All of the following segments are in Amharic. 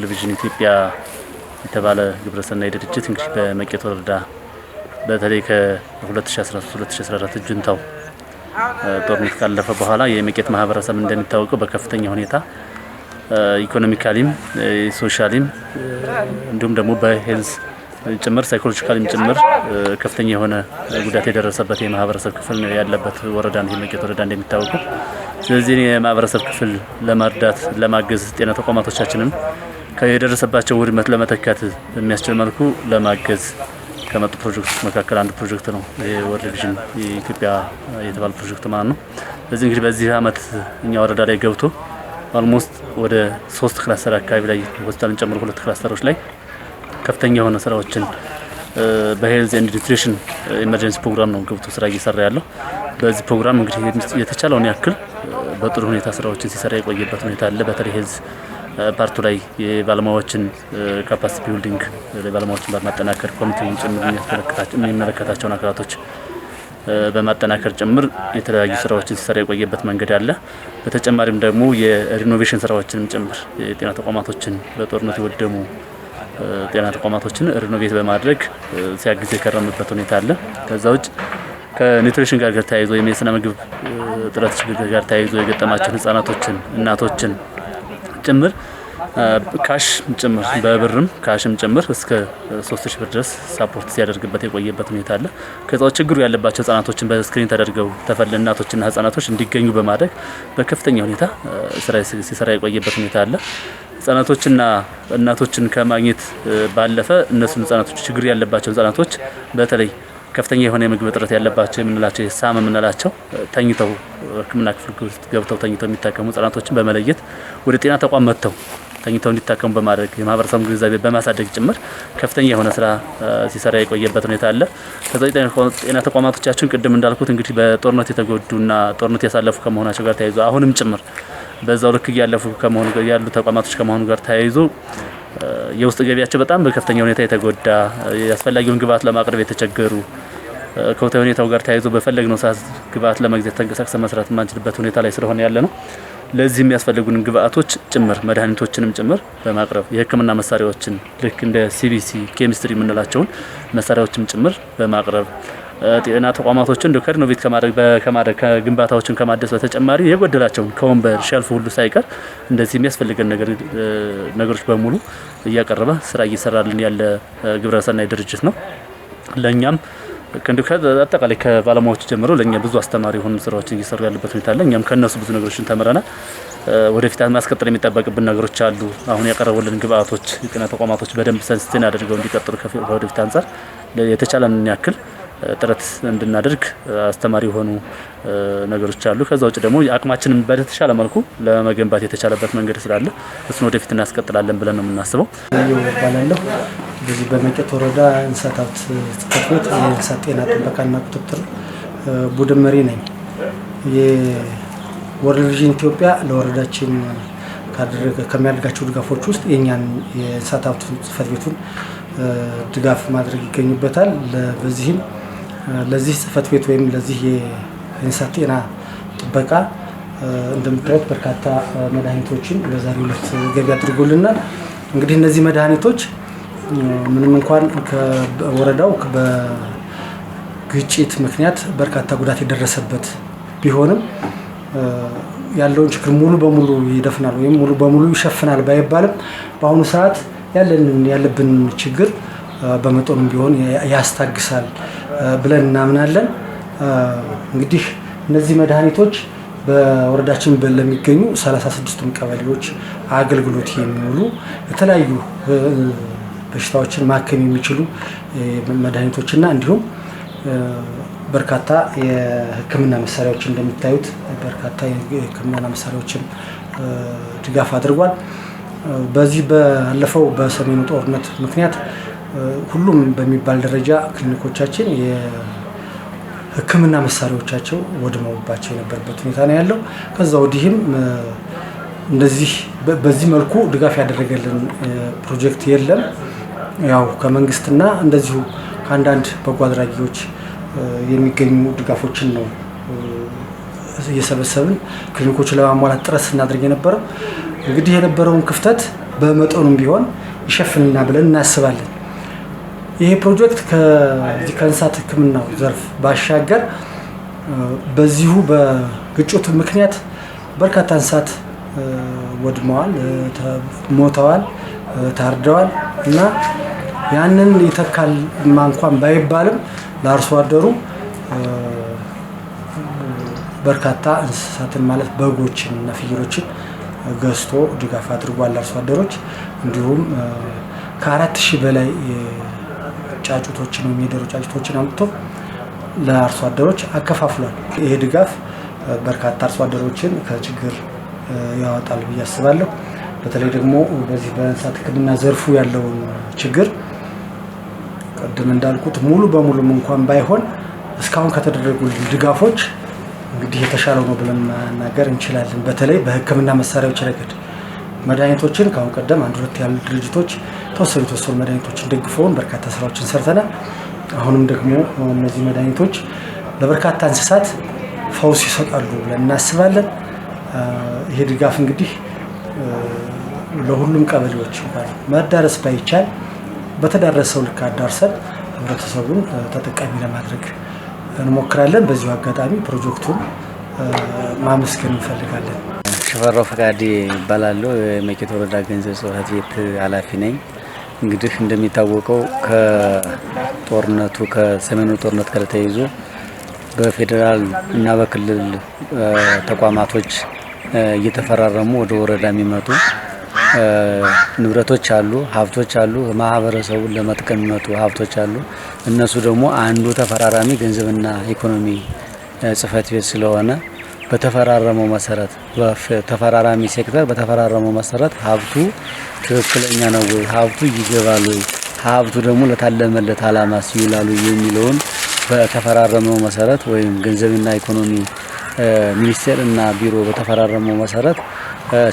ወርልድ ቪዥን ኢትዮጵያ የተባለ ግብረሰናይ ድርጅት እንግዲህ በመቄት ወረዳ በተለይ ከ2013-2014 ጁንታው ጦርነት ካለፈ በኋላ የመቄት ማህበረሰብ እንደሚታወቀው በከፍተኛ ሁኔታ ኢኮኖሚካሊም ሶሻሊም እንዲሁም ደግሞ በሄልዝ ጭምር ሳይኮሎጂካሊም ጭምር ከፍተኛ የሆነ ጉዳት የደረሰበት የማህበረሰብ ክፍል ነው ያለበት ወረዳ ነው የመቄት ወረዳ እንደሚታወቀው። ስለዚህ የማህበረሰብ ክፍል ለመርዳት ለማገዝ ጤና ተቋማቶቻችንን የደረሰባቸው ውድመት ለመተካት በሚያስችል መልኩ ለማገዝ ከመጡ ፕሮጀክቶች መካከል አንዱ ፕሮጀክት ነው። ይሄ ወርልድ ቪዥን የኢትዮጵያ የተባለ ፕሮጀክት ማለት ነው። በዚህ እንግዲህ በዚህ አመት እኛ ወረዳ ላይ ገብቶ አልሞስት ወደ ሶስት ክላስተር አካባቢ ላይ ሆስፒታልን ጨምሮ ሁለት ክላስተሮች ላይ ከፍተኛ የሆነ ስራዎችን በሄልዝ ኤንድ ኒትሪሽን ኤመርጀንሲ ፕሮግራም ነው ገብቶ ስራ እየሰራ ያለው። በዚህ ፕሮግራም እንግዲህ የተቻለውን ያክል በጥሩ ሁኔታ ስራዎችን ሲሰራ የቆየበት ሁኔታ አለ። በተለይ ሄልዝ ፓርቱ ላይ የባለሙያዎችን ካፓሲቲ ቢልዲንግ ባለሙያዎችን በማጠናከር ኮሚቴውን ጭምር የሚመለከታቸውን አካላቶች በማጠናከር ጭምር የተለያዩ ስራዎችን ሲሰራ የቆየበት መንገድ አለ። በተጨማሪም ደግሞ የሪኖቬሽን ስራዎችንም ጭምር የጤና ተቋማቶችን በጦርነት የወደሙ ጤና ተቋማቶችን ሪኖቬት በማድረግ ሲያግዝ የከረምበት ሁኔታ አለ። ከዛ ውጭ ከኒውትሪሽን ጋር ተያይዞ የስነ ምግብ ጥረት ችግር ጋር ተያይዞ የገጠማቸውን ህጻናቶችን፣ እናቶችን ጭምር ካሽ ጭምር በብርም ካሽም ጭምር እስከ 3000 ብር ድረስ ሳፖርት ሲያደርግበት የቆየበት ሁኔታ አለ። ከዛው ችግሩ ያለባቸው ህጻናቶችን በስክሪን ተደርገው ተፈል እናቶችና ህጻናቶች እንዲገኙ በማድረግ በከፍተኛ ሁኔታ ስራ ሲሰራ የቆየበት ሁኔታ አለ። ህጻናቶችና እናቶችን ከማግኘት ባለፈ እነሱን ህጻናቶች ችግር ያለባቸው ህጻናቶች በተለይ ከፍተኛ የሆነ የምግብ እጥረት ያለባቸው የምንላቸው የሳም የምንላቸው ተኝተው ህክምና ክፍል ገብተው ተኝተው የሚታከሙ ህጻናቶችን በመለየት ወደ ጤና ተቋም መጥተው ተኝተው እንዲታከሙ በማድረግ የማህበረሰቡ ግንዛቤ በማሳደግ ጭምር ከፍተኛ የሆነ ስራ ሲሰራ የቆየበት ሁኔታ አለ። ከዛ ጤና ተቋማቶቻችን ቅድም እንዳልኩት እንግዲህ በጦርነት የተጎዱና ጦርነት ያሳለፉ ከመሆናቸው ጋር ተያይዞ አሁንም ጭምር በዛው ልክ እያለፉ ከመሆኑ ያሉ ተቋማቶች ከመሆኑ ጋር ተያይዞ የውስጥ ገቢያቸው በጣም በከፍተኛ ሁኔታ የተጎዳ ያስፈላጊውን ግብዓት ለማቅረብ የተቸገሩ ከወቅታዊ ሁኔታው ጋር ተያይዞ በፈለግነው ሰዓት ግብዓት ለመግዛት ተንቀሳቅሰ መስራት የማንችልበት ሁኔታ ላይ ስለሆነ ያለ ነው። ለዚህ የሚያስፈልጉን ግብአቶች ጭምር መድኃኒቶችንም ጭምር በማቅረብ የሕክምና መሳሪያዎችን ልክ እንደ ሲቢሲ ኬሚስትሪ የምንላቸውን መሳሪያዎችም ጭምር በማቅረብ ጤና ተቋማቶችን እንደ ከሪኖቬት ከማድረግ ግንባታዎችን ከማደስ በተጨማሪ የጎደላቸውን ከወንበር ሸልፍ ሁሉ ሳይቀር እንደዚህ የሚያስፈልገን ነገሮች በሙሉ እያቀረበ ስራ እየሰራልን ያለ ግብረሰናይ ድርጅት ነው። ለእኛም እንዲሁ አጠቃላይ ከባለሙያዎች ጀምሮ ለእኛ ብዙ አስተማሪ የሆኑ ስራዎችን እየሰሩ ያሉበት ሁኔታ አለ። እኛም ከእነሱ ብዙ ነገሮችን ተምረናል። ወደፊት ማስቀጠል የሚጠበቅብን ነገሮች አሉ። አሁን ያቀረቡልን ግብአቶች የጤና ተቋማቶች በደንብ ሰንስቲን አድርገው እንዲቀጥሉ ከወደፊት አንጻር የተቻለንን ያክል ጥረት እንድናደርግ አስተማሪ የሆኑ ነገሮች አሉ። ከዛ ውጭ ደግሞ አቅማችንን በተሻለ መልኩ ለመገንባት የተቻለበት መንገድ ስላለ እሱን ወደፊት እናስቀጥላለን ብለን ነው የምናስበው። ባላለሁ በዚህ በመቄት ወረዳ እንስሳት ሀብት ጽሕፈት ቤት የእንስሳት ጤና ጥበቃና ቁጥጥር ቡድን መሪ ነኝ። የወርልድ ቪዥን ኢትዮጵያ ለወረዳችን ከሚያደርጋቸው ድጋፎች ውስጥ የእኛን የእንስሳት ሀብት ጽሕፈት ቤቱን ድጋፍ ማድረግ ይገኙበታል። በዚህም ለዚህ ጽህፈት ቤት ወይም ለዚህ የእንስሳት ጤና ጥበቃ እንደምታዩት በርካታ መድኃኒቶችን በዛሬው ዕለት ገቢ አድርጎልናል። እንግዲህ እነዚህ መድኃኒቶች ምንም እንኳን ከወረዳው በግጭት ምክንያት በርካታ ጉዳት የደረሰበት ቢሆንም ያለውን ችግር ሙሉ በሙሉ ይደፍናል ወይም ሙሉ በሙሉ ይሸፍናል ባይባልም በአሁኑ ሰዓት ያለንን ያለብን ችግር በመጠኑም ቢሆን ያስታግሳል። ብለን እናምናለን። እንግዲህ እነዚህ መድኃኒቶች በወረዳችን ለሚገኙ 36ቱም ቀበሌዎች አገልግሎት የሚውሉ የተለያዩ በሽታዎችን ማከም የሚችሉ መድኃኒቶችና እንዲሁም በርካታ የሕክምና መሳሪያዎች እንደሚታዩት በርካታ የሕክምና መሳሪያዎችን ድጋፍ አድርጓል። በዚህ ባለፈው በሰሜኑ ጦርነት ምክንያት ሁሉም በሚባል ደረጃ ክሊኒኮቻችን የሕክምና መሳሪያዎቻቸው ወድመውባቸው የነበረበት ሁኔታ ነው ያለው። ከዛ ወዲህም እንደዚህ በዚህ መልኩ ድጋፍ ያደረገልን ፕሮጀክት የለም። ያው ከመንግስትና እንደዚሁ ከአንዳንድ በጎ አድራጊዎች የሚገኙ ድጋፎችን ነው እየሰበሰብን ክሊኒኮችን ለማሟላት ጥረት ስናደርግ የነበረው። እንግዲህ የነበረውን ክፍተት በመጠኑም ቢሆን ይሸፍንና ብለን እናስባለን። ይሄ ፕሮጀክት ከእንስሳት ሕክምናው ዘርፍ ባሻገር በዚሁ በግጭቱ ምክንያት በርካታ እንስሳት ወድመዋል፣ ሞተዋል፣ ታርደዋል እና ያንን ይተካል እንኳን ባይባልም ለአርሶ አደሩ በርካታ እንስሳትን ማለት በጎችን እና ፍየሎችን ገዝቶ ድጋፍ አድርጓል። ለአርሶ አደሮች እንዲሁም ከአራት ሺህ በላይ ጫጩቶችን ወይም የዶሮ ጫጩቶችን አምጥቶ ለአርሶ አደሮች አከፋፍሏል። ይሄ ድጋፍ በርካታ አርሶ አደሮችን ከችግር ያወጣል ብዬ አስባለሁ። በተለይ ደግሞ በዚህ በእንስሳት ሕክምና ዘርፉ ያለውን ችግር ቅድም እንዳልኩት ሙሉ በሙሉም እንኳን ባይሆን እስካሁን ከተደረጉልን ድጋፎች እንግዲህ የተሻለው ነው ብለን መናገር እንችላለን። በተለይ በሕክምና መሳሪያዎች ረገድ መድኃኒቶችን ከአሁን ቀደም አንድ ሁለት ያሉ ድርጅቶች ተወሰኑ የተወሰኑ መድኃኒቶችን ደግፈውን በርካታ ስራዎችን ሰርተናል። አሁንም ደግሞ እነዚህ መድኃኒቶች ለበርካታ እንስሳት ፈውስ ይሰጣሉ ብለን እናስባለን። ይሄ ድጋፍ እንግዲህ ለሁሉም ቀበሌዎች ይባል መዳረስ ባይቻል በተዳረሰው ልክ አዳርሰን ህብረተሰቡን ተጠቃሚ ለማድረግ እንሞክራለን። በዚሁ አጋጣሚ ፕሮጀክቱን ማመስገን እንፈልጋለን። ሽፈራው ፈቃዴ ይባላሉ። የመቄት ወረዳ ገንዘብ ጽሕፈት ቤት ኃላፊ ነኝ። እንግዲህ እንደሚታወቀው ከጦርነቱ ከሰሜኑ ጦርነት ጋር ተይዞ በፌዴራል እና በክልል ተቋማቶች እየተፈራረሙ ወደ ወረዳ የሚመጡ ንብረቶች አሉ፣ ሀብቶች አሉ፣ ማህበረሰቡን ለመጥቀም የሚመጡ ሀብቶች አሉ። እነሱ ደግሞ አንዱ ተፈራራሚ ገንዘብና ኢኮኖሚ ጽሕፈት ቤት ስለሆነ በተፈራረመው መሰረት ተፈራራሚ ሴክተር በተፈራረመው መሰረት ሀብቱ ትክክለኛ ነው ወይ፣ ሀብቱ ይገባል ወይ፣ ሀብቱ ደግሞ ለታለመለት አላማ ይውላሉ የሚለውን በተፈራረመው መሰረት ወይም ገንዘብና ኢኮኖሚ ሚኒስቴር እና ቢሮ በተፈራረመው መሰረት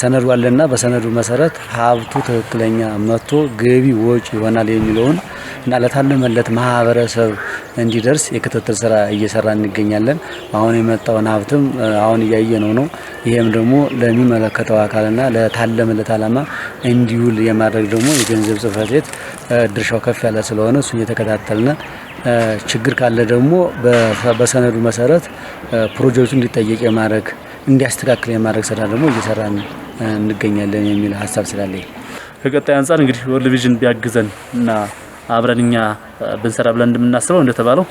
ሰነዱ አለና በሰነዱ መሰረት ሀብቱ ትክክለኛ መጥቶ ገቢ ወጪ ይሆናል የሚለውን እና ለታለመለት ማህበረሰብ እንዲደርስ የክትትል ስራ እየሰራ እንገኛለን። አሁን የመጣውን ሀብትም አሁን እያየ ነው። ይህም ደግሞ ለሚመለከተው አካልና ለታለመለት አላማ እንዲውል የማድረግ ደግሞ የገንዘብ ጽህፈት ቤት ድርሻው ከፍ ያለ ስለሆነ እሱን እየተከታተልን ችግር ካለ ደግሞ በሰነዱ መሰረት ፕሮጀክቱ እንዲጠየቅ የማድረግ እንዲያስተካክል የማድረግ ስራ ደግሞ እየሰራን እንገኛለን የሚል ሀሳብ ስላለኝ ከቀጣይ አንጻር እንግዲህ ወርልድ ቪዥን ቢያግዘን እና አብረን እኛ ብንሰራ ብለን እንደምናስበው እንደተባለው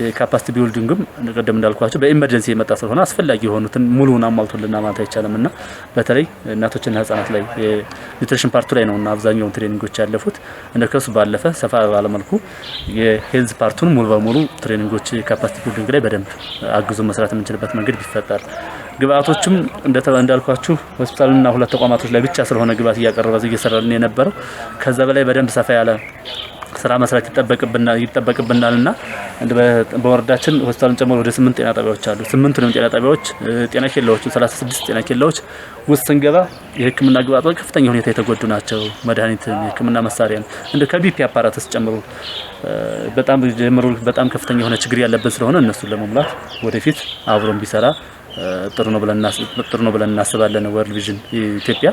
የካፓሲቲ ቢልዲንግም ቅድም እንዳልኳቸው በኤመርጀንሲ የመጣ ስለሆነ አስፈላጊ የሆኑትን ሙሉን አሟልቶልና ማለት አይቻልም እና በተለይ እናቶችና ህጻናት ላይ የኒትሪሽን ፓርቱ ላይ እና አብዛኛውን ትሬኒንጎች ያለፉት እንደ ከሱ ባለፈ ሰፋ ባለመልኩ የሄልዝ ፓርቱን ሙሉ በሙሉ ትሬኒንጎች የካፓሲቲ ቢልዲንግ ላይ በደንብ አግዞ መስራት የምንችልበት መንገድ ቢፈጠር ግብአቶችም እንዳልኳችሁ ሆስፒታልና ሁለት ተቋማቶች ላይ ብቻ ስለሆነ ግብአት እያቀረበ እየሰራልን የነበረው ከዛ በላይ በደንብ ሰፋ ያለ ስራ መስራት ይጠበቅብናል እና በወረዳችን ሆስፒታሉን ጨምሮ ወደ ስምንት ጤና ጣቢያዎች አሉ። ስምንቱንም ጤና ጣቢያዎች ጤና ኬላዎች፣ 36 ጤና ኬላዎች ውስጥ ስንገባ የህክምና ግብአቶች ከፍተኛ ሁኔታ የተጎዱ ናቸው። መድኃኒት፣ የህክምና መሳሪያን እንደ ከቢፒ አፓራትስ ጨምሮ በጣም ጀምሮ በጣም ከፍተኛ የሆነ ችግር ያለብን ስለሆነ እነሱን ለመሙላት ወደፊት አብሮን ቢሰራ ጥሩ ነው ብለን እናስባለን። ወርልድ ቪዥን ኢትዮጵያ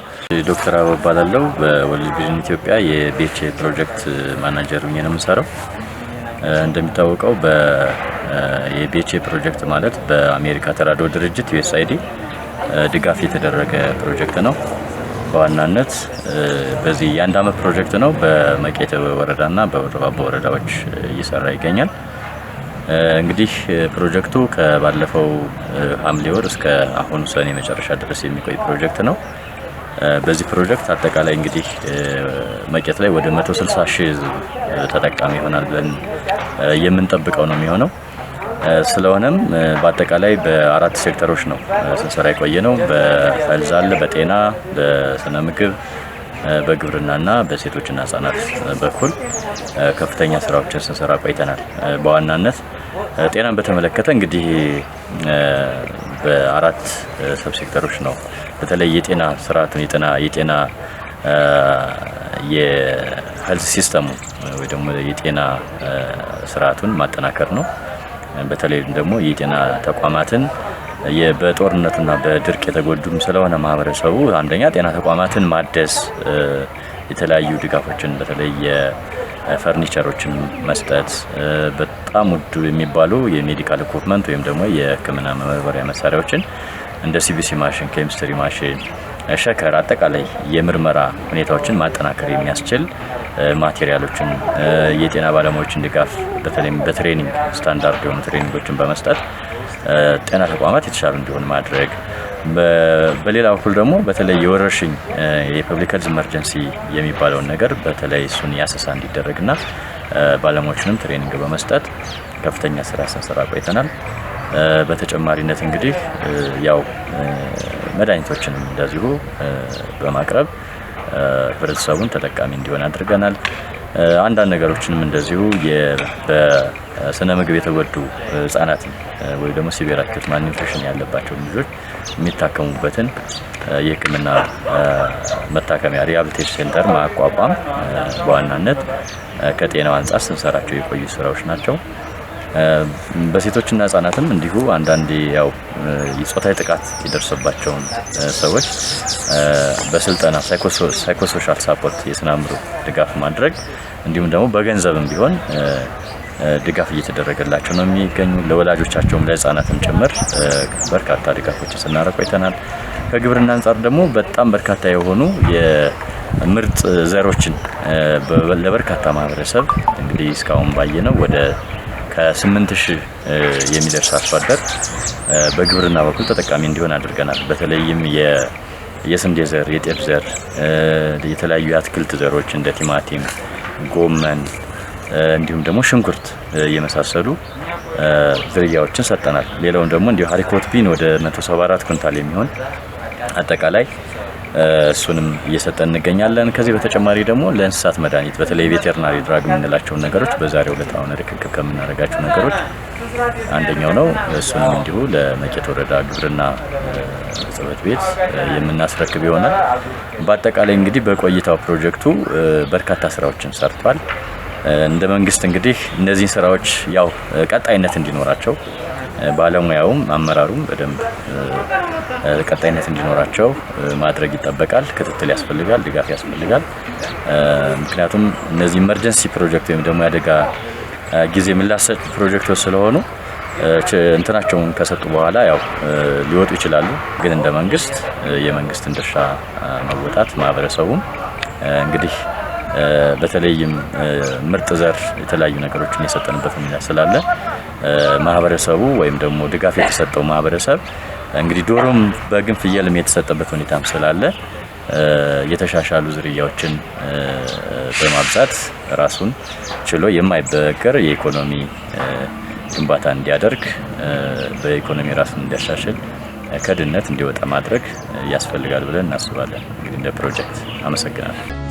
ዶክተር አበባ እባላለሁ። በወርልድ ቪዥን ኢትዮጵያ የቤቼ ፕሮጀክት ማናጀር ሆኜ ነው የምሰራው። እንደሚታወቀው የቤቼ ፕሮጀክት ማለት በአሜሪካ ተራድኦ ድርጅት ዩኤስአይዲ ድጋፍ የተደረገ ፕሮጀክት ነው። በዋናነት በዚህ የአንድ አመት ፕሮጀክት ነው። በመቄት ወረዳና በወረባቦ ወረዳዎች እየሰራ ይገኛል። እንግዲህ ፕሮጀክቱ ከባለፈው ሐምሌ ወር እስከ አሁኑ ሰኔ መጨረሻ ድረስ የሚቆይ ፕሮጀክት ነው። በዚህ ፕሮጀክት አጠቃላይ እንግዲህ መቄት ላይ ወደ 160 ሺህ ተጠቃሚ ይሆናል ብለን የምንጠብቀው ነው የሚሆነው። ስለሆነም በአጠቃላይ በአራት ሴክተሮች ነው ስንሰራ የቆየ ነው። በፈልዛል፣ አለ፣ በጤና፣ በስነ ምግብ በግብርናና በሴቶችና ህጻናት በኩል ከፍተኛ ስራዎችን ስንሰራ ቆይተናል። በዋናነት ጤናን በተመለከተ እንግዲህ በአራት ሰብሴክተሮች ነው። በተለይ የጤና ስርዓቱን የጤና የጤና የሄልዝ ሲስተሙ ወይ ደግሞ የጤና ስርዓቱን ማጠናከር ነው። በተለይ ደግሞ የጤና ተቋማትን በጦርነትና በድርቅ የተጎዱም ስለሆነ ማህበረሰቡ አንደኛ ጤና ተቋማትን ማደስ፣ የተለያዩ ድጋፎችን በተለይ የፈርኒቸሮችን መስጠት፣ በጣም ውዱ የሚባሉ የሜዲካል ኢኩፕመንት ወይም ደግሞ የሕክምና መመርመሪያ መሳሪያዎችን እንደ ሲቢሲ ማሽን፣ ኬሚስትሪ ማሽን፣ ሸከር፣ አጠቃላይ የምርመራ ሁኔታዎችን ማጠናከር የሚያስችል ማቴሪያሎችን፣ የጤና ባለሙያዎችን ድጋፍ በተለይም በትሬኒንግ ስታንዳርድ የሆኑ ትሬኒንጎችን በመስጠት ጤና ተቋማት የተሻሉ እንዲሆን ማድረግ በሌላ በኩል ደግሞ በተለይ የወረርሽኝ የፐብሊክ ሄልዝ ኢመርጀንሲ የሚባለውን ነገር በተለይ እሱን ያሰሳ እንዲደረግና ባለሙያዎችንም ትሬኒንግ በመስጠት ከፍተኛ ስራ ስንሰራ ቆይተናል። በተጨማሪነት እንግዲህ ያው መድኃኒቶችንም እንደዚሁ በማቅረብ ህብረተሰቡን ተጠቃሚ እንዲሆን አድርገናል። አንዳንድ ነገሮችንም እንደዚሁ በስነ ምግብ የተጎዱ ህጻናት ወይ ደግሞ ሲቪር አኪዩት ማልኒውትሪሽን ያለባቸውን ልጆች የሚታከሙበትን የህክምና መታከሚያ ሪሃብሊቴሽን ሴንተር ማቋቋም በዋናነት ከጤናው አንጻር ስንሰራቸው የቆዩ ስራዎች ናቸው። በሴቶችና ህጻናትም እንዲሁ አንዳንድ ያው የጾታዊ ጥቃት የደርሰባቸውን ሰዎች በስልጠና ሳይኮሶሻል ሳፖርት የስነ ድጋፍ ማድረግ እንዲሁም ደግሞ በገንዘብም ቢሆን ድጋፍ እየተደረገላቸው ነው የሚገኙ። ለወላጆቻቸውም ለህፃናትም ጭምር በርካታ ድጋፎችን ስናደርግ ቆይተናል። ከግብርና አንጻር ደግሞ በጣም በርካታ የሆኑ የምርጥ ዘሮችን ለበርካታ ማህበረሰብ እንግዲህ እስካሁን ባየ ወደ ከ8000 የሚደርስ አርሶ አደር በግብርና በኩል ተጠቃሚ እንዲሆን አድርገናል። በተለይም የስንዴ ዘር፣ የጤፍ ዘር፣ የተለያዩ የአትክልት ዘሮች እንደ ቲማቲም፣ ጎመን እንዲሁም ደግሞ ሽንኩርት የመሳሰሉ ዝርያዎችን ሰጠናል። ሌላውን ደግሞ እንዲሁ ሀሪኮት ቢን ወደ 174 ኩንታል የሚሆን አጠቃላይ እሱንም እየሰጠን እንገኛለን። ከዚህ በተጨማሪ ደግሞ ለእንስሳት መድኃኒት በተለይ ቬቴርናሪ ድራግ የምንላቸውን ነገሮች በዛሬው ዕለት አሁን ርክክብ ከምናደርጋቸው ነገሮች አንደኛው ነው። እሱንም እንዲሁ ለመቄት ወረዳ ግብርና ጽሕፈት ቤት የምናስረክብ ይሆናል። በአጠቃላይ እንግዲህ በቆይታው ፕሮጀክቱ በርካታ ስራዎችን ሰርቷል። እንደ መንግስት እንግዲህ እነዚህን ስራዎች ያው ቀጣይነት እንዲኖራቸው ባለሙያውም አመራሩም በደንብ ቀጣይነት እንዲኖራቸው ማድረግ ይጠበቃል። ክትትል ያስፈልጋል፣ ድጋፍ ያስፈልጋል። ምክንያቱም እነዚህ ኢመርጀንሲ ፕሮጀክት ወይም ደግሞ የአደጋ ጊዜ ምላሽ ሰጪ ፕሮጀክቶች ስለሆኑ እንትናቸውን ከሰጡ በኋላ ያው ሊወጡ ይችላሉ። ግን እንደ መንግስት የመንግስትን ድርሻ መወጣት ማህበረሰቡም እንግዲህ በተለይም ምርጥ ዘር የተለያዩ ነገሮችን የሰጠንበት ሁኔታ ስላለ ማህበረሰቡ ወይም ደግሞ ድጋፍ የተሰጠው ማህበረሰብ እንግዲህ ዶሮም በግን ፍየልም የተሰጠበት ሁኔታም ስላለ የተሻሻሉ ዝርያዎችን በማብዛት ራሱን ችሎ የማይበገር የኢኮኖሚ ግንባታ እንዲያደርግ በኢኮኖሚ ራሱን እንዲያሻሽል ከድህነት እንዲወጣ ማድረግ ያስፈልጋል ብለን እናስባለን። እንግዲህ እንደ ፕሮጀክት አመሰግናለሁ።